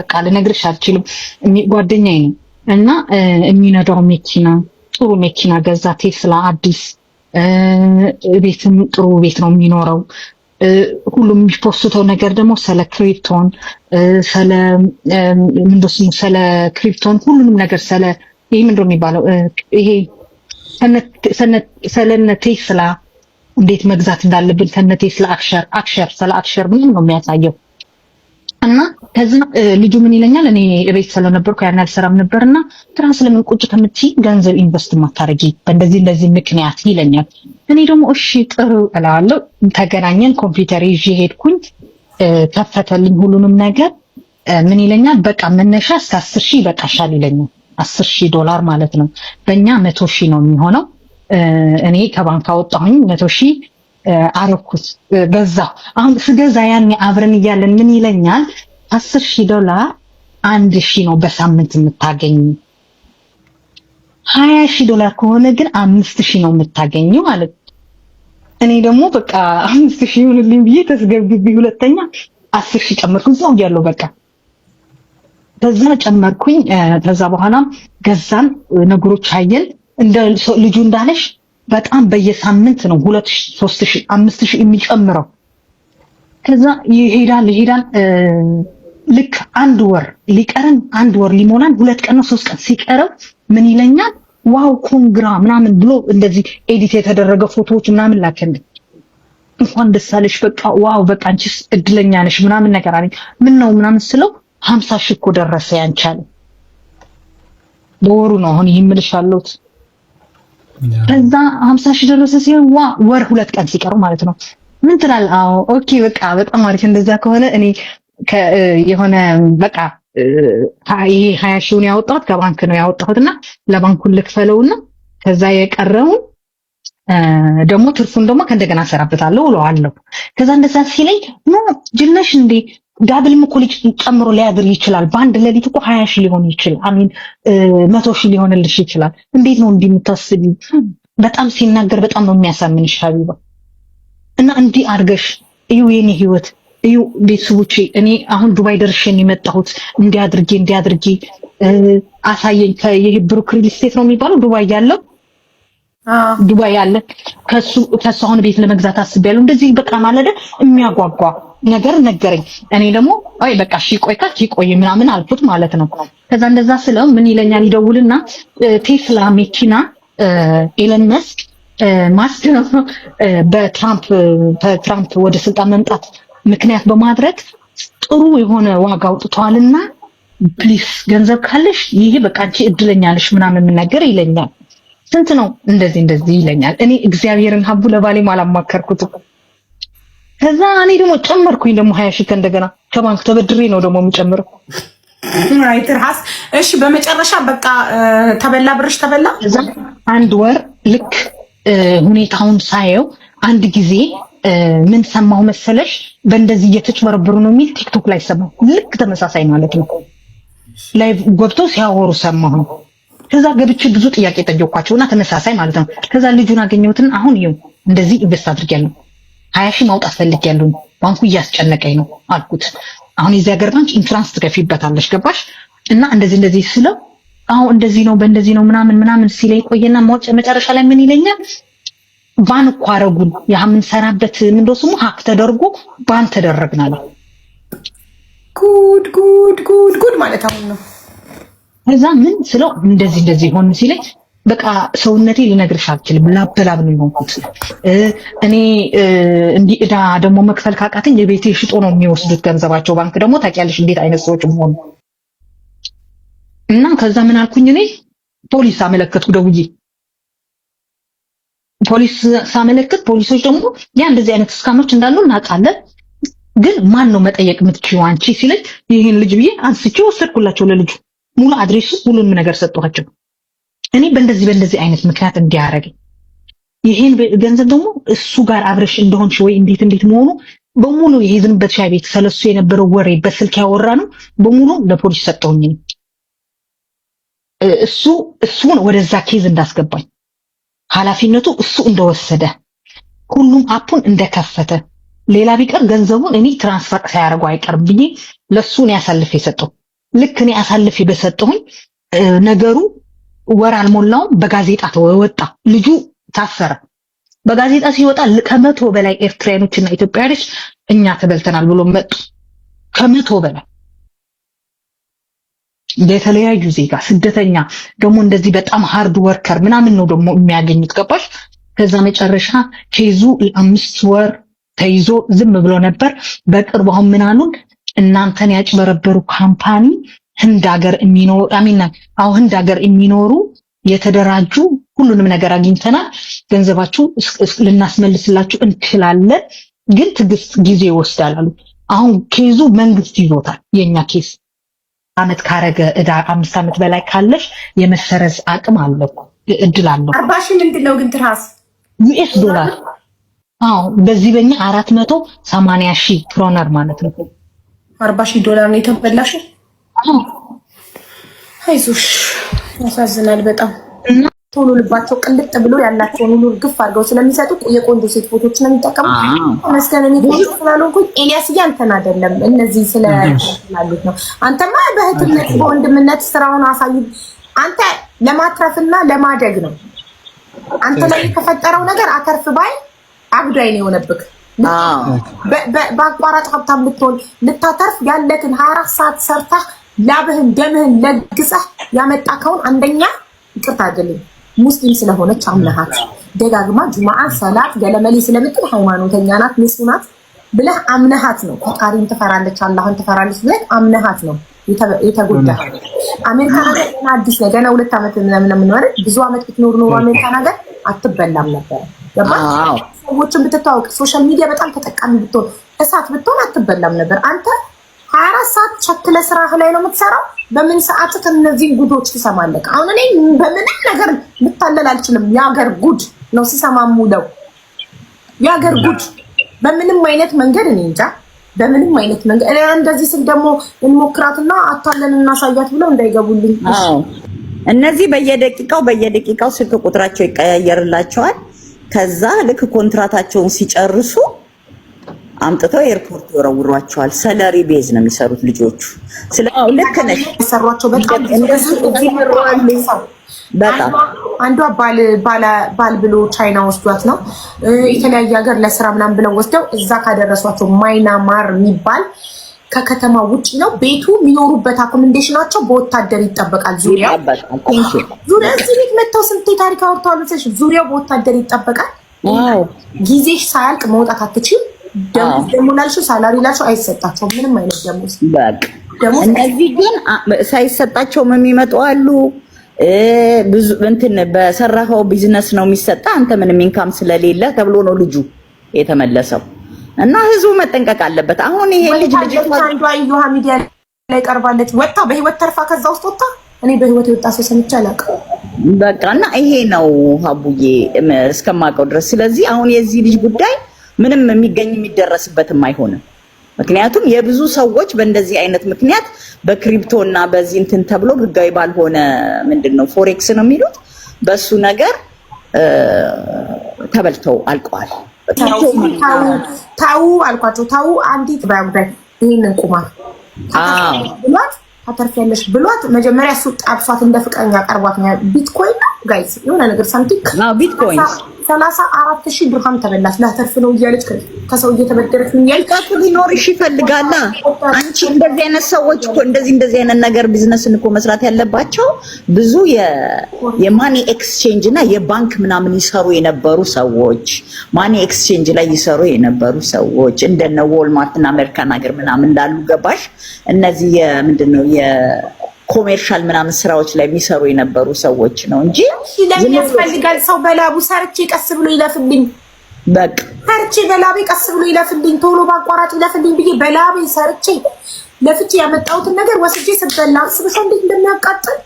በቃ ልነግርሽ አልችልም። ጓደኛዬ ነው እና የሚነዳው መኪና ጥሩ መኪና ገዛ፣ ቴስላ አዲስ። ቤትም ጥሩ ቤት ነው የሚኖረው። ሁሉም የሚፖስተው ነገር ደግሞ ስለ ክሪፕቶን ስለ ምንድስሙ ስለ ክሪፕቶን ሁሉንም ነገር ስለ ይህ ምንድን የሚባለው ይሄ ስለነ ቴስላ እንዴት መግዛት እንዳለብን ከነ ቴስላ አክሸር አክሸር ስለ አክሸር ምንም ነው የሚያሳየው እና ከዛ ልጁ ምን ይለኛል፣ እኔ እቤት ስለነበርኩ ያን አልሰራም ነበር እና ትራንስ ስለምን ቁጭ ከምትይ ገንዘብ ኢንቨስት ማታረጊ በእንደዚህ እንደዚህ ምክንያት ይለኛል። እኔ ደግሞ እሺ ጥሩ እለዋለሁ። ተገናኘን፣ ኮምፒውተር ይዤ ሄድኩኝ፣ ከፈተልኝ ሁሉንም ነገር። ምን ይለኛል፣ በቃ መነሻ እስከ አስር ሺህ ይበቃሻል ይለኛል። አስር ሺህ ዶላር ማለት ነው፣ በእኛ መቶ ሺህ ነው የሚሆነው። እኔ ከባንክ አወጣሁኝ መቶ ሺህ አረኩት ገዛው። አሁን ስገዛ ያኔ አብረን እያለን ምን ይለኛል? አስር ሺህ ዶላር አንድ ሺህ ነው በሳምንት የምታገኙ። ሀያ ሺህ ዶላር ከሆነ ግን አምስት ሺህ ነው የምታገኙ ማለት እኔ ደግሞ በቃ አምስት ሺህ ይሁንልኝ ብዬ ተስገብግቢ ሁለተኛ አስር ሺህ ጨመርኩ። እዛው እያለሁ በቃ በዛ ጨመርኩኝ። ከዛ በኋላ ገዛን፣ ነገሮች አየን። እንደ ልጁ እንዳለሽ በጣም በየሳምንት ነው ሁለት አምስት የሚጨምረው። ከዛ ይሄዳል ይሄዳል። ልክ አንድ ወር ሊቀረን አንድ ወር ሊሞላን ሁለት ቀን ነው ሶስት ቀን ሲቀረው ምን ይለኛል? ዋው ኮንግራ ምናምን ብሎ እንደዚህ ኤዲት የተደረገ ፎቶዎች ምናምን ላከልኝ። እንኳን ደስ አለሽ በቃ ዋው በቃ አንቺስ እድለኛ ነሽ ምናምን ነገር አለኝ። ምን ነው ምናምን ስለው ሀምሳ ሺህ እኮ ደረሰ ያንቻለ በወሩ ነው አሁን ይህምልሽ አለሁት ከዛ ሀምሳ ሺህ ደረሰ ሲሆን ዋ ወር ሁለት ቀን ሲቀሩ ማለት ነው። ምን ትላል? አዎ ኦኬ በቃ በጣም አሪፍ። እንደዛ ከሆነ እኔ የሆነ በቃ ይሄ ሀያ ሺውን ያወጣሁት ከባንክ ነው ያወጣሁት እና ለባንኩን ልክፈለውና ከዛ የቀረውን ደግሞ ትርፉን ደግሞ ከእንደገና ሰራበታለሁ ብለዋለሁ። ከዛ እንደዛ ሲለኝ ኖ ጅልነሽ እንዴ ዳብልም እኮ ልጅ ጨምሮ ሊያድር ይችላል። በአንድ ሌሊት እኮ ሀያ ሺ ሊሆን ይችላል። አሚን መቶ ሺህ ሊሆንልሽ ይችላል። እንዴት ነው እንዲህ የምታስቢው? በጣም ሲናገር በጣም ነው የሚያሳምንሽ ሀቢባ። እና እንዲህ አድርገሽ እዩ የኔ ህይወት እዩ ቤተሰቦቼ፣ እኔ አሁን ዱባይ ደርሼን የመጣሁት እንዲያድርጌ እንዲያድርጌ እንዲህ አድርጌ አሳየኝ። ብሩክ ሪል ስቴት ነው የሚባለው ዱባይ ያለው ዱባይ ያለ ከሱ አሁን ቤት ለመግዛት አስቤያለሁ። እንደዚህ በቃ ማለደ የሚያጓጓ ነገር ነገረኝ። እኔ ደግሞ አይ በቃ እሺ ቆይ ካት ይቆይ ምናምን አልኩት ማለት ነው። ከዛ እንደዛ ስለው ምን ይለኛል ይደውልና ቴስላ መኪና ኤለን መስክ ማስክ ነው በትራምፕ በትራምፕ ወደ ስልጣን መምጣት ምክንያት በማድረግ ጥሩ የሆነ ዋጋ አውጥቷልና ፕሊስ ገንዘብ ካለሽ ይሄ በቃ አንቺ እድለኛ ነሽ ምናምን ነገር ይለኛል። ስንት ነው እንደዚህ እንደዚህ ይለኛል። እኔ እግዚአብሔርን ሀቡ ለባሌም አላማከርኩትም። ከዛ እኔ ደግሞ ጨመርኩኝ ደግሞ ሀያ ሺህ ከእንደገና ከባንክ ተበድሬ ነው ደግሞ የምጨምረው ራስ እሺ፣ በመጨረሻ በቃ ተበላ ብርሽ ተበላ። እዛ አንድ ወር ልክ ሁኔታውን ሳየው አንድ ጊዜ ምን ሰማሁ መሰለሽ፣ በእንደዚህ እየተጭበረበሩ ነው የሚል ቲክቶክ ላይ ሰማሁ። ልክ ተመሳሳይ ማለት ነው ላይ ገብቶ ሲያወሩ ሰማሁ። ከዛ ገብቼ ብዙ ጥያቄ ጠየኳቸው እና ተመሳሳይ ማለት ነው። ከዛ ልጁን አገኘሁትን አሁን ይኸው እንደዚህ ኢንቨስት አድርጌያለሁ። ሀያ ሺህ ማውጣት ፈልጌያለሁ ባንኩ እያስጨነቀኝ ነው አልኩት። አሁን የዚህ ሀገር ባንክ ኢንሹራንስ ትከፊበታለሽ ገባሽ? እና እንደዚህ እንደዚህ ስለው አሁ እንደዚህ ነው በእንደዚህ ነው ምናምን ምናምን ሲለኝ ቆየና መጨረሻ ላይ ምን ይለኛል ባን እኮ አረጉን ያ የምንሰራበት ምንደ ስሙ ሀክ ተደርጎ ባን ተደረግናል። ጉድ ጉድ ጉድ ጉድ ማለት አሁን ነው። እዛ ምን ስለው እንደዚህ እንደዚህ ሆን ሲለኝ በቃ ሰውነቴ ልነግርሽ አልችልም። ላበላብ ነው የሆንኩት። እኔ እንዲህ እዳ ደግሞ መክፈል ካቃተኝ የቤቴ ሽጦ ነው የሚወስዱት ገንዘባቸው። ባንክ ደግሞ ታውቂያለሽ እንዴት አይነት ሰዎች መሆኑ እና ከዛ ምን አልኩኝ እኔ ፖሊስ አመለከትኩ ደውዬ። ፖሊስ ሳመለክት ፖሊሶች ደግሞ ያ እንደዚህ አይነት እስካኖች እንዳሉ እናውቃለን፣ ግን ማን ነው መጠየቅ የምትችይው አንቺ ሲለኝ ይህን ልጅ ብዬ አንስቼ ወሰድኩላቸው። ለልጁ ሙሉ አድሬሱ ሁሉንም ነገር ሰጠኋቸው። እኔ በእንደዚህ በእንደዚህ አይነት ምክንያት እንዲያደርገኝ ይሄን ገንዘብ ደግሞ እሱ ጋር አብረሽ እንደሆንሽ ወይ እንዴት እንዴት መሆኑ በሙሉ ይሄ ዝምበት ሻይ ቤት ስለሱ የነበረው ወሬ በስልክ ያወራ ነው በሙሉ ለፖሊስ ሰጠሁኝ። እሱ እሱን ወደዛ ኬዝ እንዳስገባኝ ኃላፊነቱ እሱ እንደወሰደ ሁሉም አፑን እንደከፈተ ሌላ ቢቀር ገንዘቡን እኔ ትራንስፈር ሳያደርጉ አይቀርም ብዬ ለሱ እኔ አሳልፌ ሰጠሁ። ልክ እኔ አሳልፌ በሰጠሁኝ ነገሩ ወር አልሞላውም በጋዜጣ ወጣ። ልጁ ታሰረ። በጋዜጣ ሲወጣ ከመቶ በላይ እና ኢትዮጵያውያኖች እኛ ተበልተናል ብሎ መጡ። ከመቶ በላይ የተለያዩ ዜጋ ስደተኛ ደግሞ እንደዚህ በጣም ሃርድ ወርከር ምናምን ነው ደግሞ የሚያገኙት ገባሽ። ከዛ መጨረሻ ኬዙ ለአምስት ወር ተይዞ ዝም ብሎ ነበር። በቅርቡ አሁን ምናሉን እናንተን ያጭበረበሩ ካምፓኒ ህንድ ሀገር የሚኖሩ አሚና አሁን ህንድ ሀገር የሚኖሩ የተደራጁ ሁሉንም ነገር አግኝተናል፣ ገንዘባችሁ ልናስመልስላችሁ እንችላለን፣ ግን ትዕግስት ጊዜ ይወስዳል አሉ። አሁን ኬዙ መንግስት ይዞታል። የኛ ኬስ አመት ካረገ እዳ አምስት አመት በላይ ካለሽ የመሰረዝ አቅም አለው እድል አለ። አርባ ሺህ ምንድን ነው ግን ትራስ ዩኤስ ዶላር አዎ፣ በዚህ በኛ አራት መቶ ሰማንያ ሺህ ክሮነር ማለት ነው። አርባ ሺህ ዶላር ነው የተበላሽው። አይዞሽ፣ ያሳዝናል በጣም እና ቶሎ ልባቸው ቅልጥ ብሎ ያላቸውን ሁሉ ግፍ አድርገው ስለሚሰጡ የቆንጆ ሴት ፎቶች ነው የሚጠቀሙ። መስከረም እኔ ቆንጆ ስላልሆንኩኝ ኤልያስዬ አንተን አይደለም እነዚህ ስለላሉት ነው። አንተማ በእህትነት በወንድምነት ስራውን አሳዩ። አንተ ለማትረፍና ለማደግ ነው። አንተ ላይ የተፈጠረው ነገር አተርፍ ባይ አግዳይ ነው የሆነብህ። በአቋራጭ ሀብታም ልትሆን ልታተርፍ ያለክን ሀያ አራት ሰዓት ሰርተህ ላብህን ደምህን ለግሰህ ያመጣከውን አንደኛ ይቅርታ አይደለም ሙስሊም ስለሆነች አምነሃት ደጋግማ ጁማዓ ሰላት ገለመሌ ስለምትል ሃይማኖተኛ ናት ንጹህ ናት ብለህ አምነሃት ነው። ፈጣሪን ትፈራለች፣ አላህን ትፈራለች ብለህ አምነሃት ነው የተጎዳ። አሜሪካን ሀገር አዲስ ነው ገና ሁለት ዓመት ምናምን የምንወርድ ብዙ ዓመት ብትኖር ኖሮ አሜሪካን ሀገር አትበላም ነበረ። ሰዎችን ብትታወቅ፣ ሶሻል ሚዲያ በጣም ተጠቃሚ ብትሆን፣ እሳት ብትሆን አትበላም ነበር አንተ 24 ሰዓት ቸክለ ስራህ ላይ ነው የምትሰራው። በምን ሰዓት እነዚህን ጉዶች ትሰማለህ? አሁን እኔ በምንም ነገር ልታለል አልችልም። የሀገር ጉድ ነው ስሰማ ሙለው የሀገር ጉድ በምንም አይነት መንገድ እኔ እንጃ፣ በምንም አይነት መንገድ እኔ እንደዚህ ስል ደግሞ እንሞክራትና አታለን እናሳያት ብለው እንዳይገቡልኝ። እነዚህ በየደቂቃው በየደቂቃው ስልክ ቁጥራቸው ይቀያየርላቸዋል። ከዛ ልክ ኮንትራታቸውን ሲጨርሱ አምጥተው ኤርፖርት ይወረውሯቸዋል። ሰለሪ ቤዝ ነው የሚሰሩት ልጆቹ። ልክ ነሽ። በጣም አንዷ ባል ብሎ ቻይና ወስዷት ነው የተለያየ ሀገር ለስራ ምናምን ብለው ወስደው እዛ ካደረሷቸው ማይናማር የሚባል ከከተማ ውጭ ነው ቤቱ። የሚኖሩበት አኮመንዴሽናቸው በወታደር ይጠበቃል። ዙሪያ ዙሪያ እዚህ ቤት መጥተው ስንት ታሪክ አውርተዋል። ዙሪያው በወታደር ይጠበቃል። ጊዜሽ ሳያልቅ መውጣት አትችል ደሞዝ ደግሞ ላልሽው ሳላሪ ላልሽው አይሰጣቸውም። ምንም አይነት ደሞዝ እነዚህ ግን ሳይሰጣቸውም የሚመጡ አሉ። ብዙ እንትን በሰራኸው ቢዝነስ ነው የሚሰጣ አንተ ምንም ኢንካም ስለሌለ ተብሎ ነው ልጁ የተመለሰው። እና ህዝቡ መጠንቀቅ አለበት። አሁን ይሄ ልጅ ልጅ ዩሃ ሚዲያ ላይ ቀርባለች። ወጣ በህይወት ተርፋ ከዛ ውስጥ ወጣ። እኔ በህይወት የወጣ ሰው ሰምቼ አላውቅም። በቃ እና ይሄ ነው ሀቡዬ እስከማውቀው ድረስ። ስለዚህ አሁን የዚህ ልጅ ጉዳይ ምንም የሚገኝ የሚደረስበትም አይሆንም። ምክንያቱም የብዙ ሰዎች በእንደዚህ አይነት ምክንያት በክሪፕቶ እና በዚህ እንትን ተብሎ ህጋዊ ባልሆነ ምንድን ነው ፎሬክስ ነው የሚሉት በሱ ነገር ተበልተው አልቀዋል። ታው አልኳቸው። ታው አንዲት ባያጉዳይ ይህንን ቁማር ብሏት ታተርፊያለሽ ብሏት መጀመሪያ እሱ ጣብሷት እንደ ፍቅረኛ ቀርቧት ቢትኮይን ነው ጋይዝ የሆነ ነገር ሳምቲንግ ቢትኮይን ሰላሳ አራት ሺህ ድርሃም ተበላሽ ላተርፍ ነው እያለች ከሰው እየተበደረች ምን ያል ካቱ ሊኖርሽ ይፈልጋላ። አንቺ እንደዚህ አይነት ሰዎች እኮ እንደዚህ እንደዚህ አይነት ነገር ቢዝነስን እኮ መስራት ያለባቸው ብዙ የማኒ ኤክስቼንጅ እና የባንክ ምናምን ይሰሩ የነበሩ ሰዎች፣ ማኒ ኤክስቼንጅ ላይ ይሰሩ የነበሩ ሰዎች እንደነ ዎልማርት እና አሜሪካን ሀገር ምናምን እንዳሉ ገባሽ። እነዚህ የምንድን ነው ኮሜርሻል ምናምን ስራዎች ላይ የሚሰሩ የነበሩ ሰዎች ነው እንጂ ለምን ያስፈልጋል? ሰው በላቡ ሰርቼ ቀስ ብሎ ይለፍልኝ፣ በቃ ሰርቼ በላቤ ቀስ ብሎ ይለፍልኝ፣ ቶሎ በአቋራጭ ይለፍልኝ ብዬ በላቤ ሰርቼ ለፍቼ ያመጣሁትን ነገር ወስጄ ስበላ አስበሻ እንዴት እንደሚያቃጥል